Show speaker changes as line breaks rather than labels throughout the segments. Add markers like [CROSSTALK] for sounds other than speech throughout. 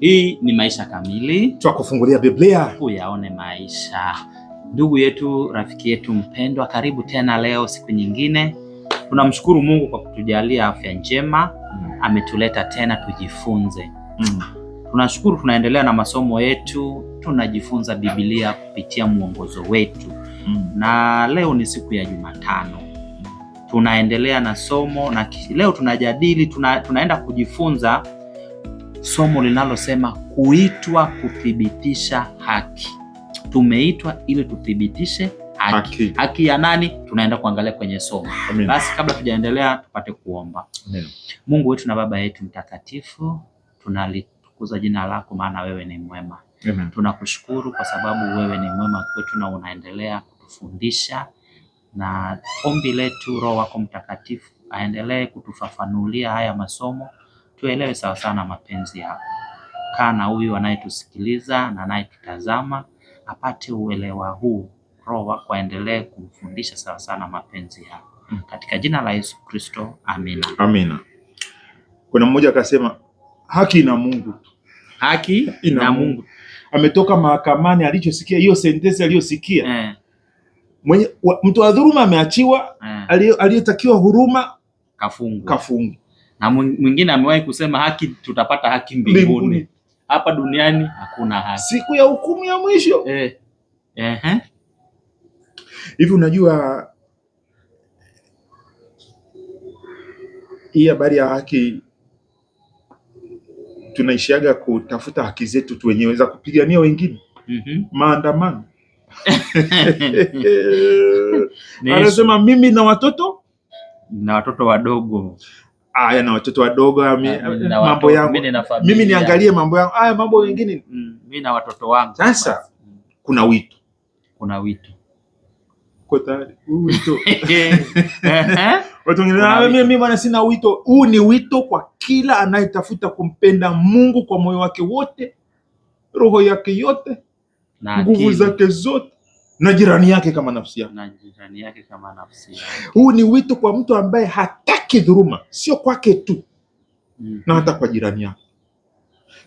Hii ni Maisha Kamili,
kufungulia Biblia
kuyaone maisha. Ndugu yetu, rafiki yetu mpendwa, karibu tena leo, siku nyingine. Tunamshukuru Mungu kwa kutujalia afya njema Ametuleta tena tujifunze mm. Tunashukuru, tunaendelea na masomo yetu, tunajifunza Biblia kupitia mwongozo wetu mm. Na leo ni siku ya Jumatano, tunaendelea na somo na leo tunajadili tuna, tunaenda kujifunza somo linalosema kuitwa kuthibitisha haki. Tumeitwa ili tuthibitishe haki. Haki, haki ya nani? Tunaenda kuangalia kwenye somo. Basi kabla tujaendelea, tupate kuomba. Amen. Mungu wetu na Baba yetu mtakatifu, tunalitukuza jina lako, maana wewe ni mwema. Amen. Tunakushukuru kwa sababu wewe ni mwema kwetu na unaendelea kutufundisha, na ombi letu Roho wako Mtakatifu aendelee kutufafanulia haya masomo tuelewe sawasawa na mapenzi yako. Kaa na huyu anayetusikiliza na anayetutazama apate uelewa huu, Roho wako aendelee kumfundisha sawasawa na mapenzi yako, hmm. katika jina la Yesu Kristo, amina. Amina.
Kuna mmoja akasema haki ina Mungu,
haki ina Mungu.
Ametoka mahakamani, alichosikia hiyo sentensi aliyosikia eh. Mwenye, wa, mtu wa dhuluma ameachiwa eh. Aliyetakiwa huruma
kafungwa, kafungwa na mwingine amewahi kusema haki, tutapata haki mbinguni, hapa duniani hakuna haki,
siku ya hukumu ya mwisho eh. Eh, hivi unajua hii habari ya haki tunaishiaga kutafuta haki zetu tu wenyewe za kupigania wengine, mm -hmm. Maandamano [LAUGHS] anasema mimi na watoto
na watoto wadogo
haya na watoto wadogo ah, eh, mambo yangu mimi niangalie mambo yangu haya mambo mengine
mm, mimi na watoto wangu.
Sasa kuna wito, kuna [LAUGHS] [LAUGHS] wito mimi bwana, sina wito huu. Ni wito kwa kila anayetafuta kumpenda Mungu kwa moyo wake wote, roho yake yote, nguvu zake zote na jirani yake kama nafsi yake. Na jirani yake kama nafsi yake. Huu ni wito kwa mtu ambaye hataki dhuruma sio kwake tu mm -hmm. na hata kwa jirani yake.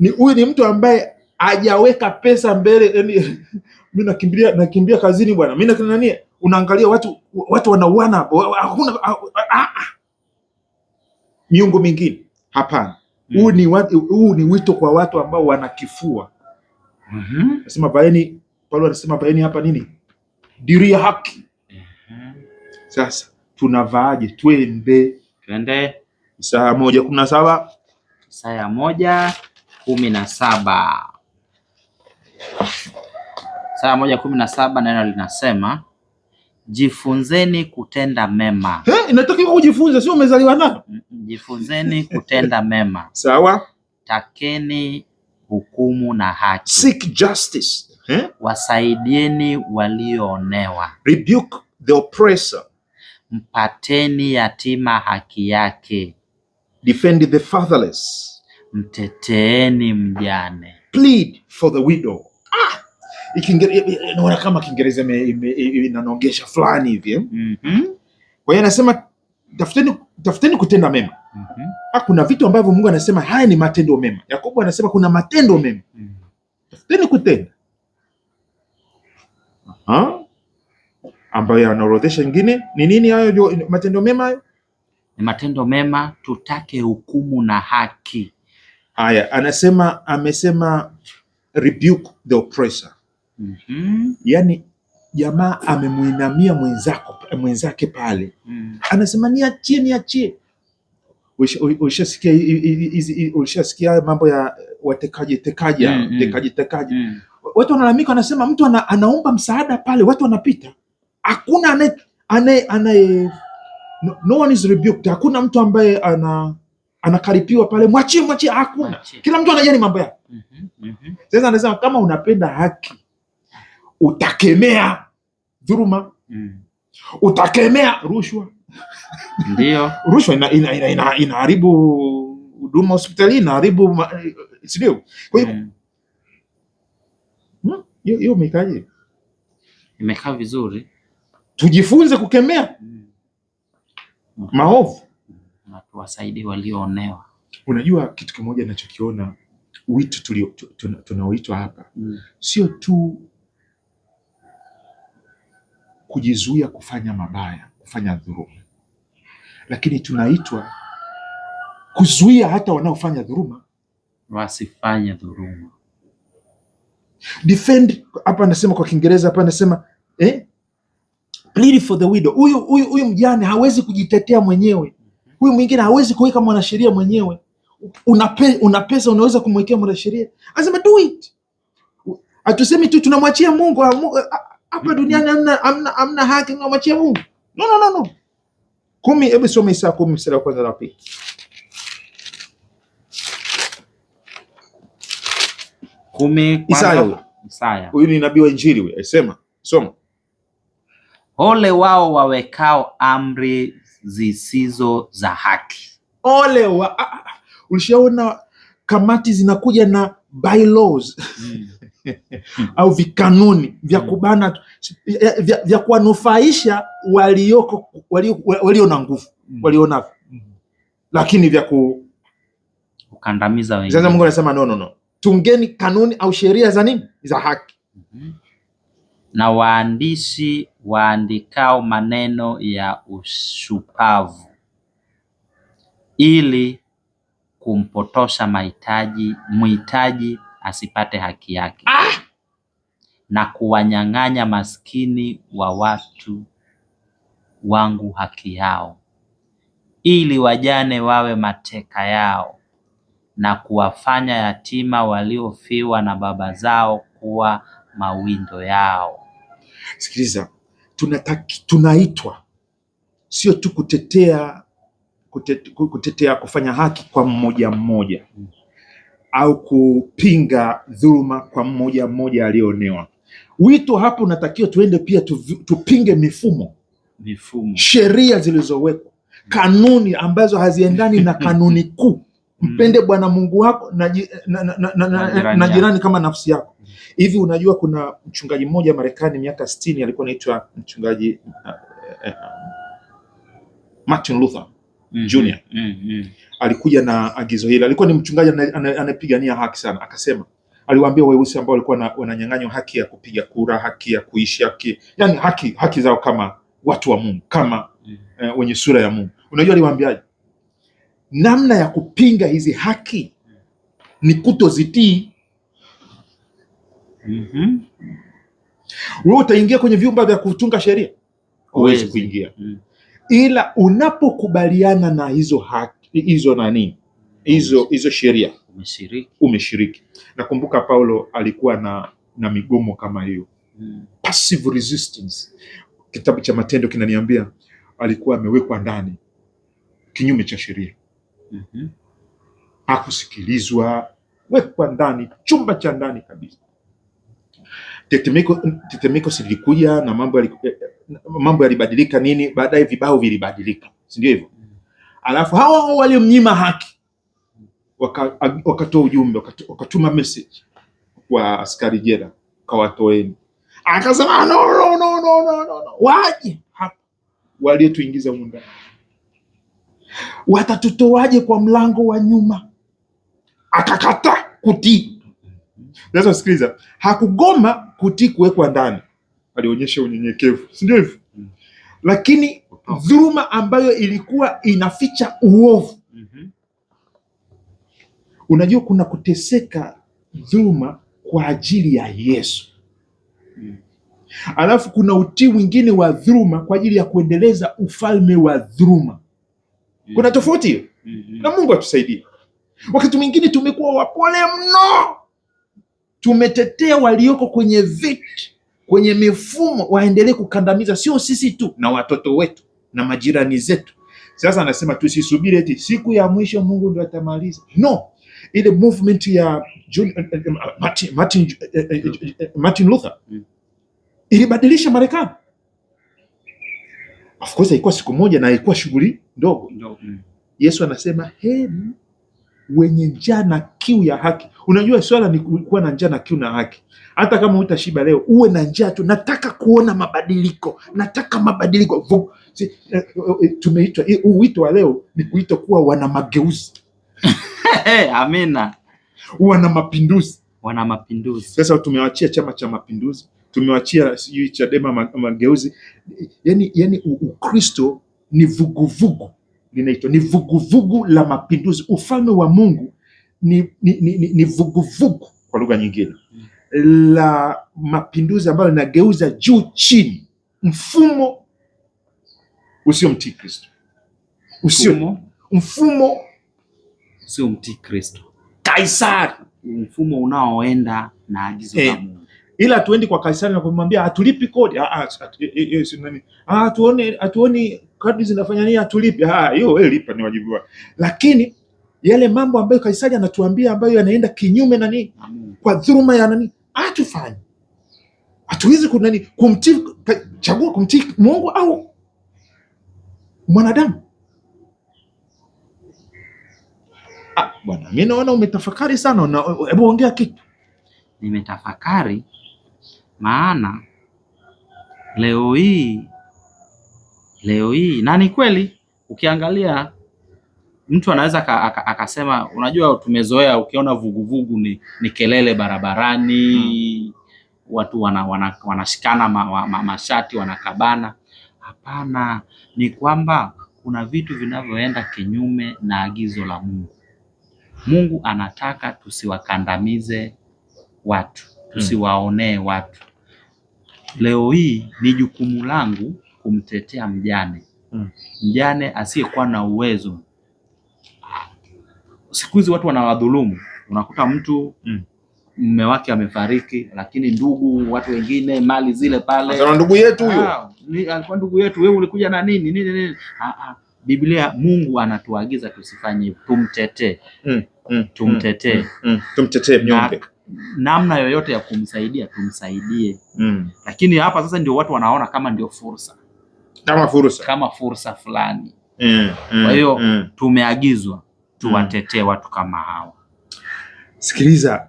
Ni huyu ni mtu ambaye hajaweka pesa mbele, yani [LAUGHS] mimi nakimbia nakimbia kazini bwana, mimi na nani, unaangalia watu watu wanauana hapo, hakuna miungu mingine, hapana. Mm. Huu mm ni huu ni wito kwa watu ambao wanakifua. Mhm. Mm Nasema vaeni Paulo alisema vaeni hapa nini? Diri ya haki. Sasa tunavaaje? Twende, twende. Isaya moja kumi na saba
Isaya moja kumi na saba Isaya moja kumi na saba neno linasema jifunzeni kutenda mema.
He, inatakiwa kujifunza, sio umezaliwa nayo. Mm,
mm, jifunzeni kutenda mema. Sawa, takeni hukumu na haki. Seek justice eh? Wasaidieni walioonewa.
Rebuke the oppressor.
Mpateni yatima haki yake. Defend the fatherless. Mteteeni mjane.
Plead for the widow. Ah! Naona kama Kiingereza inanongesha fulani hivi. Eh? Mm-hmm. Kwa hiyo anasema tafuteni, tafuteni kutenda mema. mm -hmm. kuna vitu ambavyo Mungu anasema haya ni matendo mema. Yakobo anasema kuna matendo mema. mm -hmm. Tafuteni kutenda ambayo yanaorodhesha nyingine. Ni nini hayo matendo mema? Hayo
ni matendo mema, tutake hukumu na haki.
Haya, anasema amesema rebuke the oppressor. mm -hmm. Yaani jamaa amemuinamia mwenzako mwenzake pale mm. Anasema niachie, niachie. Ulishasikia mambo ya watekaji tekaji, mm, mm. tekaji tekaji mm -hmm watu wanalalamika, wanasema mtu ana, anaomba msaada pale, watu wanapita, hakuna ane, ane, ane, no, no one is rebuked. Hakuna mtu ambaye ana anakaripiwa pale, mwachie mwachie, hakuna. Kila mtu anajali mambo yake. mm -hmm, mm -hmm. Sasa anasema kama unapenda haki utakemea dhuruma. mm. utakemea rushwa ndio [LAUGHS] rushwa inaharibu ina, ina, ina, ina huduma hospitalini, inaharibu, eh, si Kwa hiyo mm. Hmm? hiyo hmm? Imeikaje?
Imekaa vizuri,
tujifunze kukemea hmm. maovu
na tuwasaidie walioonewa.
Unajua kitu kimoja ninachokiona wito tunaoitwa hapa hmm. sio tu kujizuia kufanya mabaya, kufanya dhuluma, lakini tunaitwa kuzuia hata wanaofanya dhuluma
wasifanye dhuluma
defend hapa anasema kwa Kiingereza hapa anasema eh, plead for the widow. Huyu huyu huyu mjane hawezi kujitetea mwenyewe, huyu mwingine hawezi kuweka mwanasheria mwenyewe. Una, una pesa unaweza kumwekea mwanasheria, anasema do it. Hatusemi tu tunamwachia Mungu ah, ah, hapa duniani, amna amna, amna haki, tunamwachia Mungu. No, no, no, no. Kumi, hebu soma Isaya kumi mstari wa kwanza na pili.
kumi Isaya,
Isaya. Huyu ni nabii wa Injili huyu, aisema soma.
Ole wao wawekao amri zisizo za haki.
Ole wa ah, ulishaona kamati zinakuja na bylaws mm. [LAUGHS] au vikanuni vya hmm. kubana vya, vya kuwanufaisha walioko walio, walio na nguvu hmm. walio mm. lakini vya ku kandamiza wengine. Sasa Mungu anasema no, no, no tungeni kanuni au sheria za nini za haki. mm-hmm.
na waandishi waandikao maneno ya ushupavu ili kumpotosha mahitaji mhitaji asipate haki yake ah! na kuwanyang'anya maskini wa watu wangu haki yao ili wajane wawe mateka yao na kuwafanya yatima waliofiwa na baba zao kuwa mawindo yao.
Sikiliza, tunataki, tunaitwa sio tu kutetea, kutete, kutetea kufanya haki kwa mmoja mmoja au kupinga dhuluma kwa mmoja mmoja aliyoonewa. Wito hapo unatakiwa tuende pia tupinge mifumo, mifumo, sheria zilizowekwa, kanuni ambazo haziendani na [LAUGHS] kanuni kuu Mpende mm. Bwana Mungu wako na, na, na, na, na, na, na jirani kama nafsi yako. Mm. Hivi unajua kuna mchungaji mmoja Marekani miaka sitini alikuwa anaitwa mchungaji uh, uh, um, Martin Luther mm -hmm. Jr. mm -hmm. Alikuja na agizo hili, alikuwa ni mchungaji anayepigania haki sana, akasema aliwaambia weusi ambao walikuwa wananyang'anywa haki ya kupiga kura, haki ya kuishi, haki yani haki, haki zao kama watu wa Mungu, kama mm -hmm. wenye sura ya Mungu. Unajua aliwaambiaje? namna ya kupinga hizi haki ni kutozitii. mm -hmm. Wewe utaingia kwenye vyumba vya kutunga sheria? Huwezi kuingia. mm. Ila unapokubaliana na hizo haki hizo nani hizo hizo sheria
umeshiriki, umeshiriki.
Nakumbuka Paulo alikuwa na na migomo kama hiyo. mm. Passive resistance, kitabu cha Matendo kinaniambia alikuwa amewekwa ndani kinyume cha sheria -hmm. hakusikilizwa, wekwa ndani, chumba cha ndani kabisa. Tetemeko tetemeko silikuja na mambo yali, eh, eh, mambo yalibadilika nini, baadaye vibao vilibadilika, si ndio hivyo? Alafu hawa waliomnyima haki wakatoa ujumbe, wakatuma message kwa askari jela, kawatoeni. Akasema ah, no, no, no, no, no, no, waje hapa waliotuingiza humu ndani watatutoaje kwa mlango wa nyuma? Akakata kutii. Sasa sikiliza, hakugoma kutii kuwekwa ndani, alionyesha unyenyekevu, si ndio hivyo? Mm. Lakini dhuluma ambayo ilikuwa inaficha uovu, mm-hmm. unajua kuna kuteseka dhuluma kwa ajili ya Yesu mm. alafu kuna utii mwingine wa dhuluma kwa ajili ya kuendeleza ufalme wa dhuluma. Kuna tofauti hiyo, mm-hmm. na Mungu atusaidie. Wakati mwingine tumekuwa wapole mno, tumetetea walioko kwenye viti, kwenye mifumo, waendelee kukandamiza, sio sisi tu, na watoto wetu na majirani zetu. Sasa anasema tusisubiri eti siku ya mwisho Mungu ndio atamaliza. No, ile movement ya June, eh, eh, eh, Martin, Martin, Martin Luther mm. ilibadilisha Marekani. Of course haikuwa siku moja na haikuwa shughuli ndogo. Mm. Yesu anasema heri wenye njaa na kiu ya haki. Unajua, swala ni kuwa na njaa na kiu na haki. Hata kama utashiba leo, uwe na njaa tu, nataka kuona mabadiliko, nataka mabadiliko. Eh, eh, eh, tumeitwa, huu wito wa leo ni kuitwa kuwa wana mageuzi amina, wana mapinduzi, wana mapinduzi. Sasa tumewachia Chama cha Mapinduzi, tumewachia sijui Chadema mageuzi, yani yani Ukristo ni vuguvugu linaitwa ni vuguvugu la mapinduzi. Ufalme wa Mungu ni ni vuguvugu kwa lugha nyingine la mapinduzi ambayo linageuza juu chini mfumo usio mtii Kristo, usio mfumo
usio mtii Kristo,
Kaisari,
mfumo unaoenda na agizo la eh, Mungu
ila hatuendi kwa Kaisari na kumwambia hatulipi kodi, ah, ah, eh, eh, ah, hatuoni kadri zinafanya nini atulipe. Ah, hiyo wewe lipa, ni wajibu wako. Lakini yale mambo ambayo Kaisari anatuambia ambayo yanaenda kinyume na nini, kwa dhuluma ya nani, atufanye hatuwezi kunani kumtii, chagua kumtii Mungu au mwanadamu. Ah, bwana, mimi naona umetafakari sana, hebu ongea kitu.
Nimetafakari maana leo hii leo hii, na ni kweli ukiangalia mtu anaweza akasema, unajua tumezoea, ukiona vuguvugu ni, ni kelele barabarani hmm. Watu wana, wana, wanashikana ma, ma, ma, mashati wanakabana. Hapana, ni kwamba kuna vitu vinavyoenda kinyume na agizo la Mungu. Mungu anataka tusiwakandamize watu, hmm. tusiwaonee watu. Leo hii ni jukumu langu kumtetea mjane mm. mjane asiyekuwa na uwezo. Siku hizi watu wanawadhulumu, unakuta mtu mm mume wake amefariki, lakini ndugu, watu wengine, mali zile pale,
sasa ndugu yetu huyo ah, alikuwa ndugu yetu, wewe ulikuja na nini nini nini? Ah,
ah. Biblia, Mungu anatuagiza tusifanye hivyo, tumtetee mm, mm, tumtetee mm,
mm, tumtetee mnyonge,
namna yoyote ya kumsaidia tumsaidie mm. Lakini hapa sasa ndio watu wanaona kama ndio fursa
kama fursa,
kama fursa fulani mm, mm, kwa hiyo mm. tumeagizwa tuwatetee mm. watu kama hawa.
Sikiliza,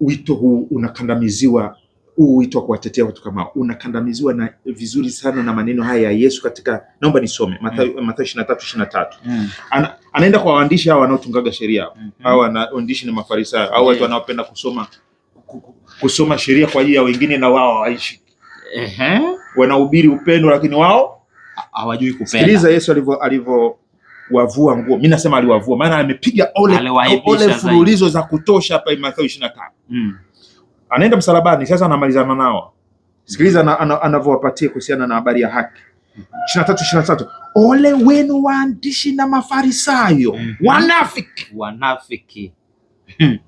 wito huu unakandamiziwa huu wito wa kuwatetea watu kama unakandamiziwa na vizuri sana na maneno haya ya Yesu katika, naomba nisome Mathayo mm. Mathayo 23:23. Eh, mm. Ana, anaenda kwa waandishi hawa wanaotungaga sheria mm -hmm. na waandishi na Mafarisayo au watu eh. wanaopenda kusoma kusoma sheria kwa ajili ya wengine na wao waishi. Ehe wanahubiri upendo, lakini wao hawajui kupenda. Sikiliza Yesu alivyo alivyo wavua nguo, mimi nasema aliwavua, maana amepiga ole ole fululizo za kutosha hapa Mathayo 25. Mm. Anaenda msalabani sasa, anamalizana nao. Sikiliza anavyowapatia kuhusiana na habari ya haki. 23 23 Ole wenu waandishi na Mafarisayo, mm -hmm. wanafiki wanafiki [LAUGHS]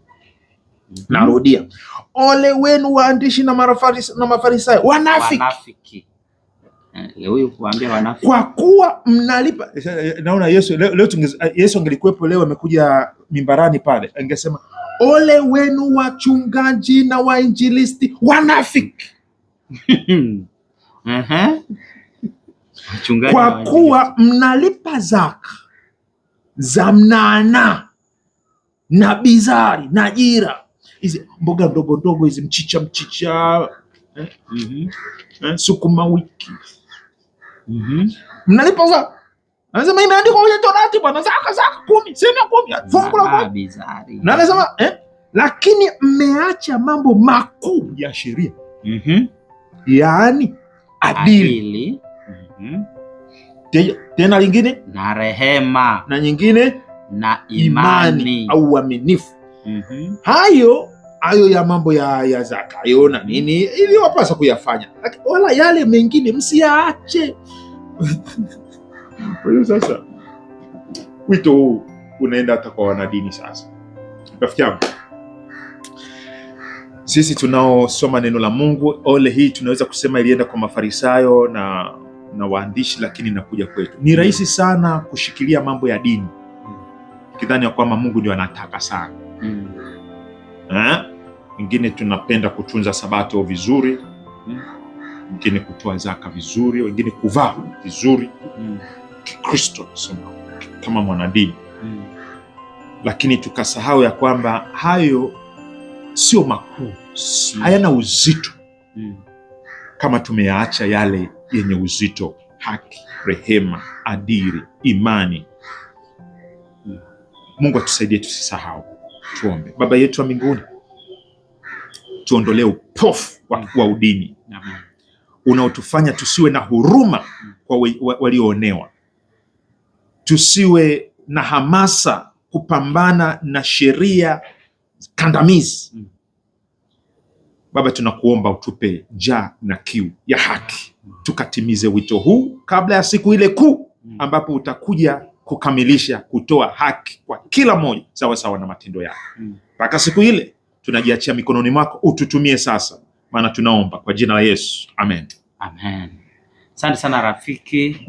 Mhm. Narudia, ole wenu waandishi na mafaris, na Mafarisayo wanafiki, wanafiki.
Eh, wanafiki.
Kwa kuwa mnalipa. Eh, eh, naona Yesu leo, leo tungiz, Yesu angelikuwepo leo amekuja mimbarani pale angesema ole wenu wachungaji na wainjilisti wanafiki [LAUGHS] kwa kuwa mnalipa zaka za mnana na bizari na jira hizi mboga ndogo ndogo hizi mchicha mchicha eh? mm -hmm. eh? sukuma wiki mm -hmm. mnalipa za anasema imeandikwa kwenye Torati bwana, zaka zaka kumi, sema kumi, fungu la kumi. Na anasema eh, lakini mmeacha mambo makuu ya sheria mm -hmm. yaani adili, adili. Mm -hmm. tena lingine
na rehema
na nyingine
na imani, imani
au uaminifu mm -hmm. hayo hayo ya mambo ya, ya zaka na nini wapasa kuyafanya, wala yale mengine msiyaache. [LAUGHS] Kwa hiyo sasa wito huu unaenda hata kwa wanadini. Sasa rafiki yangu, sisi tunaosoma neno la Mungu, ole hii tunaweza kusema ilienda kwa Mafarisayo na, na waandishi, lakini nakuja kwetu ni rahisi sana kushikilia mambo ya dini kidhani ya kwamba Mungu ndio anataka sana hmm. Eh? wengine tunapenda kutunza sabato vizuri, mm. wengine kutoa zaka vizuri, wengine kuvaa vizuri mm. Kikristo kama mwanadini mm. Lakini tukasahau ya kwamba hayo sio makuu mm. hayana uzito kama tumeyaacha yale yenye uzito: haki, rehema, adiri imani Mungu atusaidie tusisahau. Tuombe. Baba yetu wa mbinguni tuondolee upofu wa, wa udini unaotufanya tusiwe na huruma kwa walioonewa, tusiwe na hamasa kupambana na sheria kandamizi. Baba, tunakuomba utupe njaa na kiu ya haki, tukatimize wito huu kabla ya siku ile kuu ambapo utakuja kukamilisha kutoa haki kwa kila mmoja sawasawa na matendo yake mpaka siku ile tunajiachia mikononi mwako, ututumie sasa, maana tunaomba kwa jina la Yesu, amen,
amen. Asante sana rafiki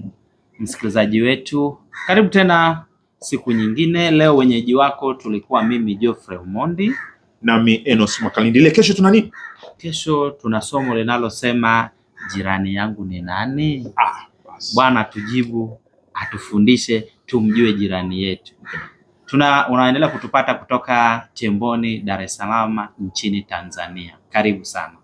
msikilizaji wetu, karibu tena siku nyingine. Leo wenyeji wako tulikuwa mimi Geoffrey Umondi
nami Enos Makalindile. Kesho tuna nini?
Kesho tuna somo linalosema jirani yangu ni nani? Ah, Bwana tujibu, atufundishe tumjue jirani yetu. Tuna unaendelea kutupata kutoka Chemboni, Dar es Salaam nchini Tanzania. Karibu sana.